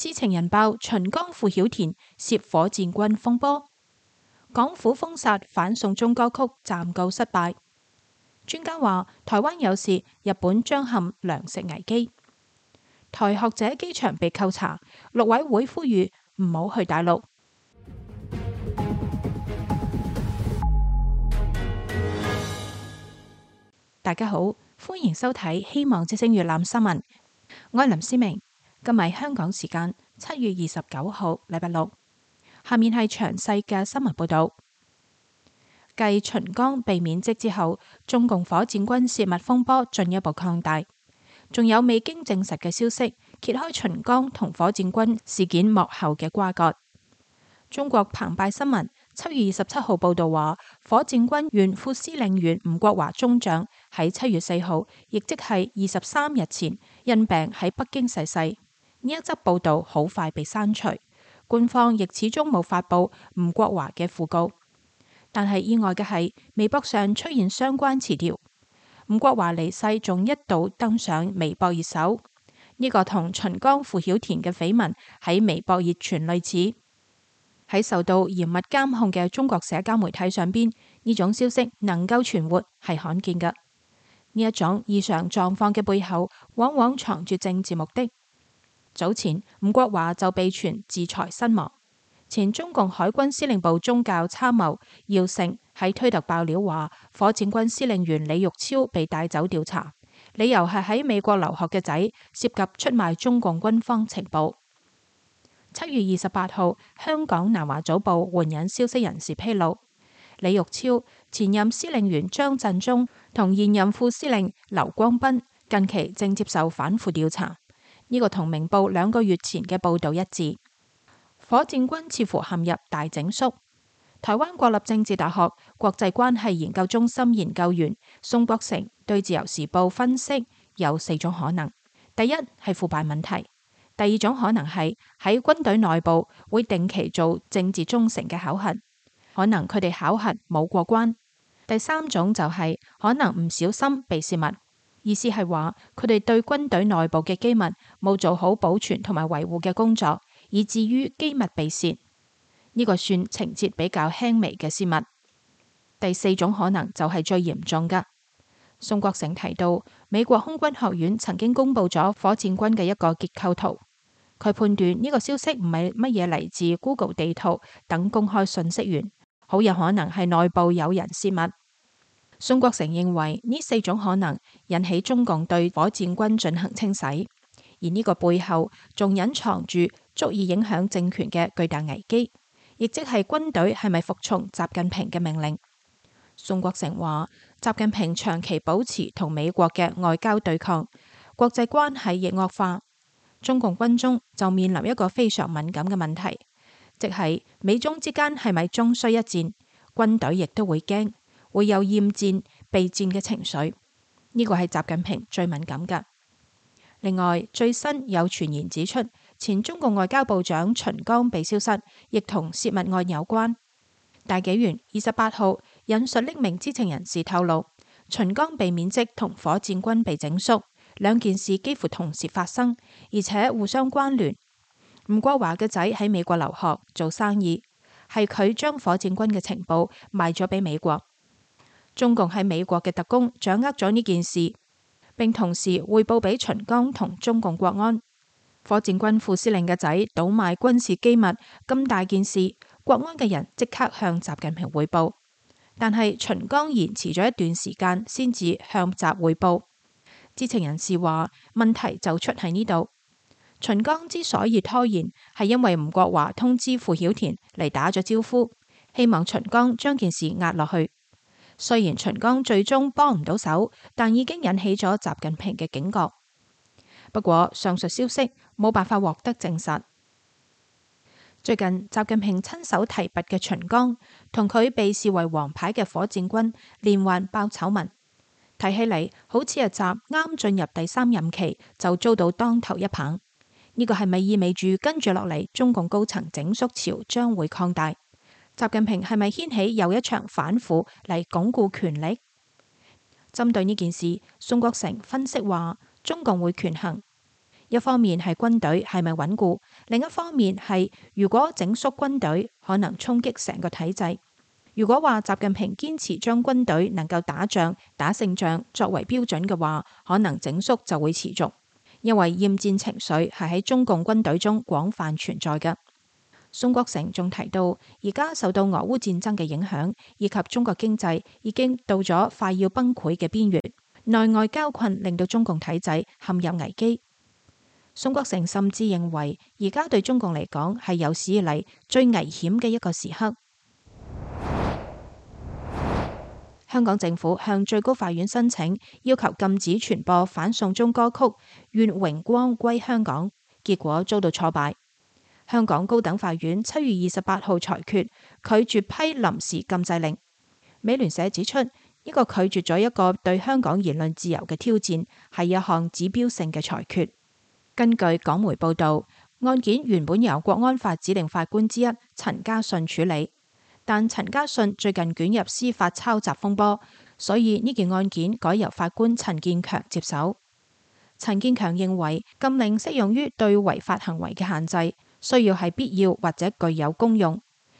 知情人爆秦剛傅曉田涉火箭軍風波，港府封殺反送中歌曲暫告失敗。專家話台灣有事，日本將陷糧食危機。台學者機場被扣查，陸委會呼籲唔好去大陸。大家好，歡迎收睇《希望之聲》粵覽新聞，我係林詩明。今日係香港時間七月二十九號，禮拜六。下面係詳細嘅新聞報道。繼秦剛被免職之後，中共火箭軍洩密風波進一步擴大，仲有未經證實嘅消息揭開秦剛同火箭軍事件幕後嘅瓜葛。中國澎湃新聞七月二十七號報道話，火箭軍原副司令員吳國華中將喺七月四號，亦即係二十三日前，因病喺北京逝世。呢一則報道好快被刪除，官方亦始終冇發布吳國華嘅訃告。但係意外嘅係，微博上出現相關詞條，吳國華離世仲一度登上微博熱搜。呢個同秦剛傅曉田嘅緋聞喺微博熱傳類似。喺受到嚴密監控嘅中國社交媒體上邊，呢種消息能夠存活係罕見噶。呢一種異常狀況嘅背後，往往藏住政治目的。早前吳國華就被傳自裁身亡。前中共海軍司令部宗教參謀姚誠喺推特爆料話，火箭軍司令員李玉超被帶走調查，理由係喺美國留學嘅仔涉及出賣中共軍方情報。七月二十八號，香港南華早報援引消息人士披露，李玉超前任司令員張振中同現任副司令劉光斌近期正接受反腐調查。呢個同明報兩個月前嘅報導一致，火箭軍似乎陷入大整肅。台灣國立政治大學國際關係研究中心研究員宋國成對自由時報分析有四種可能：第一係腐敗問題；第二種可能係喺軍隊內部會定期做政治忠誠嘅考核，可能佢哋考核冇過關；第三種就係可能唔小心被洩密。意思係話，佢哋對軍隊內部嘅機密冇做好保存同埋維護嘅工作，以至於機密被洩。呢個算情節比較輕微嘅泄密。第四種可能就係最嚴重噶。宋國成提到，美國空軍學院曾經公布咗火箭軍嘅一個結構圖，佢判斷呢個消息唔係乜嘢嚟自 Google 地圖等公開信息源，好有可能係內部有人泄密。宋國成認為呢四種可能引起中共對火箭軍進行清洗，而呢個背後仲隱藏住足以影響政權嘅巨大危機，亦即係軍隊係咪服從習近平嘅命令？宋國成話：習近平長期保持同美國嘅外交對抗，國際關係亦惡化，中共軍中就面臨一個非常敏感嘅問題，即係美中之間係咪終須一戰？軍隊亦都會驚。會有厭戰、備戰嘅情緒，呢個係習近平最敏感嘅。另外，最新有傳言指出，前中共外交部長秦剛被消失，亦同泄密案有關。大紀元二十八號引述匿名知情人士透露，秦剛被免職同火箭軍被整肅兩件事幾乎同時發生，而且互相關聯。吳國華嘅仔喺美國留學做生意，係佢將火箭軍嘅情報賣咗俾美國。中共喺美國嘅特工掌握咗呢件事，並同時匯報俾秦剛同中共國安火箭軍副司令嘅仔倒賣軍事機密咁大件事，國安嘅人即刻向習近平匯報。但係秦剛延遲咗一段時間先至向習匯報。知情人士話，問題就出喺呢度。秦剛之所以拖延，係因為吳國華通知傅曉田嚟打咗招呼，希望秦剛將件事壓落去。雖然秦剛最終幫唔到手，但已經引起咗習近平嘅警覺。不過上述消息冇辦法獲得證實。最近習近平親手提拔嘅秦剛同佢被視為王牌嘅火箭軍連環爆醜聞，睇起嚟好似係習啱進入第三任期就遭到當頭一棒。呢個係咪意味住跟住落嚟中共高層整肅潮將會擴大？習近平係咪掀起又一場反腐嚟鞏固權力？針對呢件事，宋國成分析話：中共會權衡，一方面係軍隊係咪穩固，另一方面係如果整肅軍隊可能衝擊成個體制。如果話習近平堅持將軍隊能夠打仗、打勝仗作為標準嘅話，可能整肅就會持續，因為厭戰情緒係喺中共軍隊中廣泛存在嘅。宋國成仲提到，而家受到俄烏戰爭嘅影響，以及中國經濟已經到咗快要崩潰嘅邊緣，內外交困令到中共體制陷入危機。宋國成甚至認為，而家對中共嚟講係有史以嚟最危險嘅一個時刻。香港政府向最高法院申請要求禁止傳播反送中歌曲《願榮光歸香港》，結果遭到挫敗。香港高等法院七月二十八號裁決，拒絕批臨時禁制令。美聯社指出，呢個拒絕咗一個對香港言論自由嘅挑戰，係一項指標性嘅裁決。根據港媒報道，案件原本由國安法指定法官之一陳家信處理，但陳家信最近捲入司法抄襲風波，所以呢件案件改由法官陳建強接手。陳建強認為禁令適用於對違法行為嘅限制，需要係必要或者具有功用，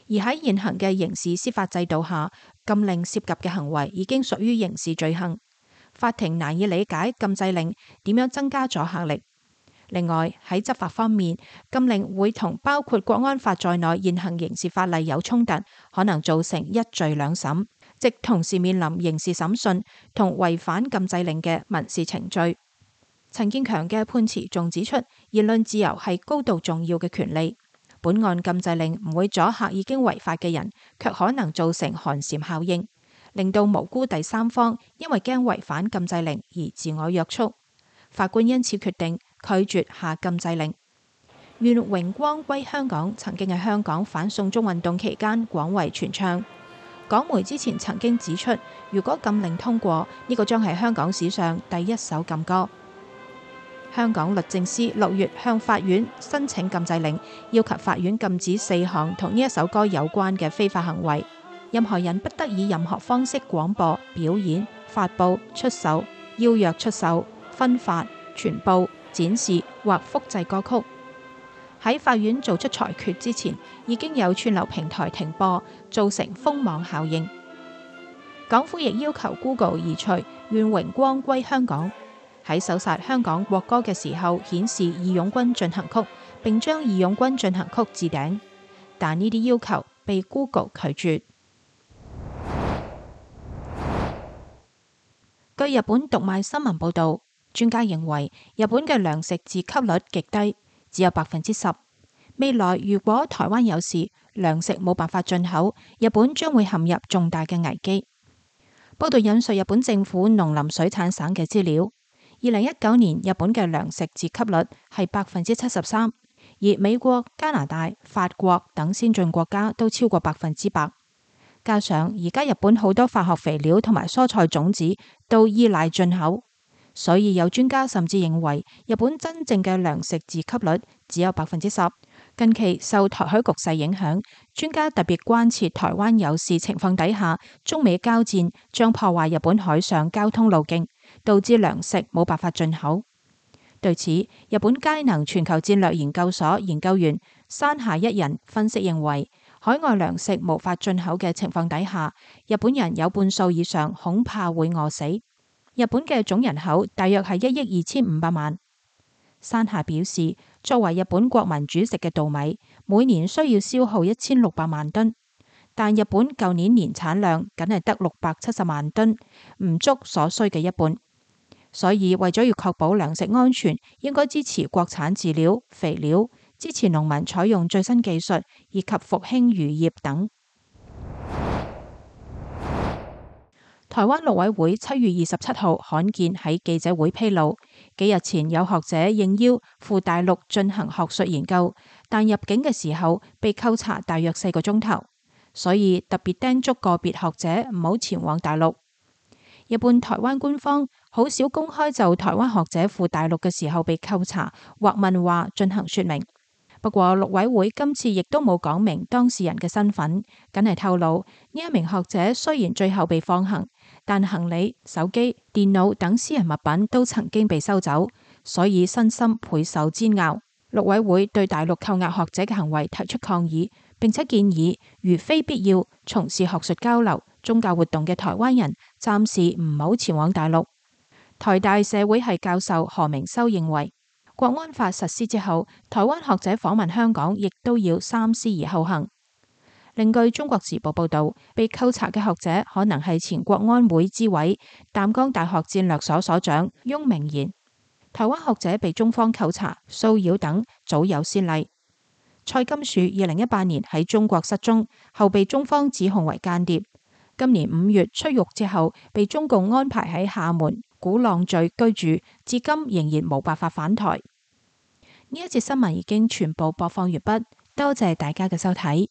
而喺現行嘅刑事司法制度下，禁令涉及嘅行為已經屬於刑事罪行，法庭難以理解禁制令點樣增加阻嚇力。另外喺執法方面，禁令會同包括國安法在內現行刑事法例有衝突，可能造成一罪兩審，即同時面臨刑事審訊同違反禁制令嘅民事程序。陳建強嘅判詞仲指出，言論自由係高度重要嘅權利。本案禁制令唔會阻吓已經違法嘅人，卻可能造成寒蟬效應，令到無辜第三方因為驚違反禁制令而自我約束。法官因此決定拒絕下禁制令。願榮光歸香港，曾經喺香港反送中運動期間廣為傳唱。港媒之前曾經指出，如果禁令通過，呢個將係香港史上第一首禁歌。香港律政司六月向法院申請禁制令，要求法院禁止四項同呢一首歌有關嘅非法行為，任何人不得以任何方式廣播、表演、發布、出售、邀約出售、分發、傳播、展示或複製歌曲。喺法院做出裁決之前，已經有串流平台停播，造成封網效應，港府亦要求 Google 移除，願榮光歸香港。喺搜殺香港國歌嘅時候，顯示義勇軍進行曲，並將義勇軍進行曲置頂，但呢啲要求被 Google 拒絕。據日本讀賣新聞報道，專家認為日本嘅糧食自給率極低，只有百分之十。未來如果台灣有事，糧食冇辦法進口，日本將會陷入重大嘅危機。報道引述日本政府農林水產省嘅資料。二零一九年日本嘅糧食自給率係百分之七十三，而美國、加拿大、法國等先進國家都超過百分之百。加上而家日本好多化學肥料同埋蔬菜種子都依賴進口，所以有專家甚至認為日本真正嘅糧食自給率只有百分之十。近期受台海局勢影響，專家特別關切台灣有事情況底下，中美交戰將破壞日本海上交通路徑。導致糧食冇辦法進口。對此，日本佳能全球戰略研究所研究員山下一人分析認為，海外糧食無法進口嘅情況底下，日本人有半數以上恐怕會餓死。日本嘅總人口大約係一億二千五百萬。山下表示，作為日本國民主食嘅稻米，每年需要消耗一千六百萬噸，但日本舊年年產量僅係得六百七十萬噸，唔足所需嘅一半。所以為咗要確保糧食安全，應該支持國產飼料、肥料，支持農民採用最新技術，以及復興漁業等。台灣陸委會七月二十七號罕見喺記者會披露，幾日前有學者應邀赴大陸進行學術研究，但入境嘅時候被扣查大約四個鐘頭，所以特別叮囑個別學者唔好前往大陸。日本台灣官方。好少公開就台灣學者赴大陸嘅時候被扣查或問話進行說明。不過，陸委會今次亦都冇講明當事人嘅身份，僅係透露呢一名學者雖然最後被放行，但行李、手機、電腦等私人物品都曾經被收走，所以身心倍受煎熬。陸委會對大陸扣押學者嘅行為提出抗議，並且建議如非必要從事學術交流、宗教活動嘅台灣人暫時唔好前往大陸。台大社會系教授何明修認為，國安法實施之後，台灣學者訪問香港，亦都要三思而後行。另據《中國時報》報道，被扣查嘅學者可能係前國安會之委、淡江大學戰略所所長翁明賢。台灣學者被中方扣查、騷擾等，早有先例。蔡金樹二零一八年喺中國失蹤，後被中方指控為間諜。今年五月出獄之後，被中共安排喺廈門。鼓浪嶼居住，至今仍然冇辦法返台。呢一節新聞已經全部播放完畢，多謝大家嘅收睇。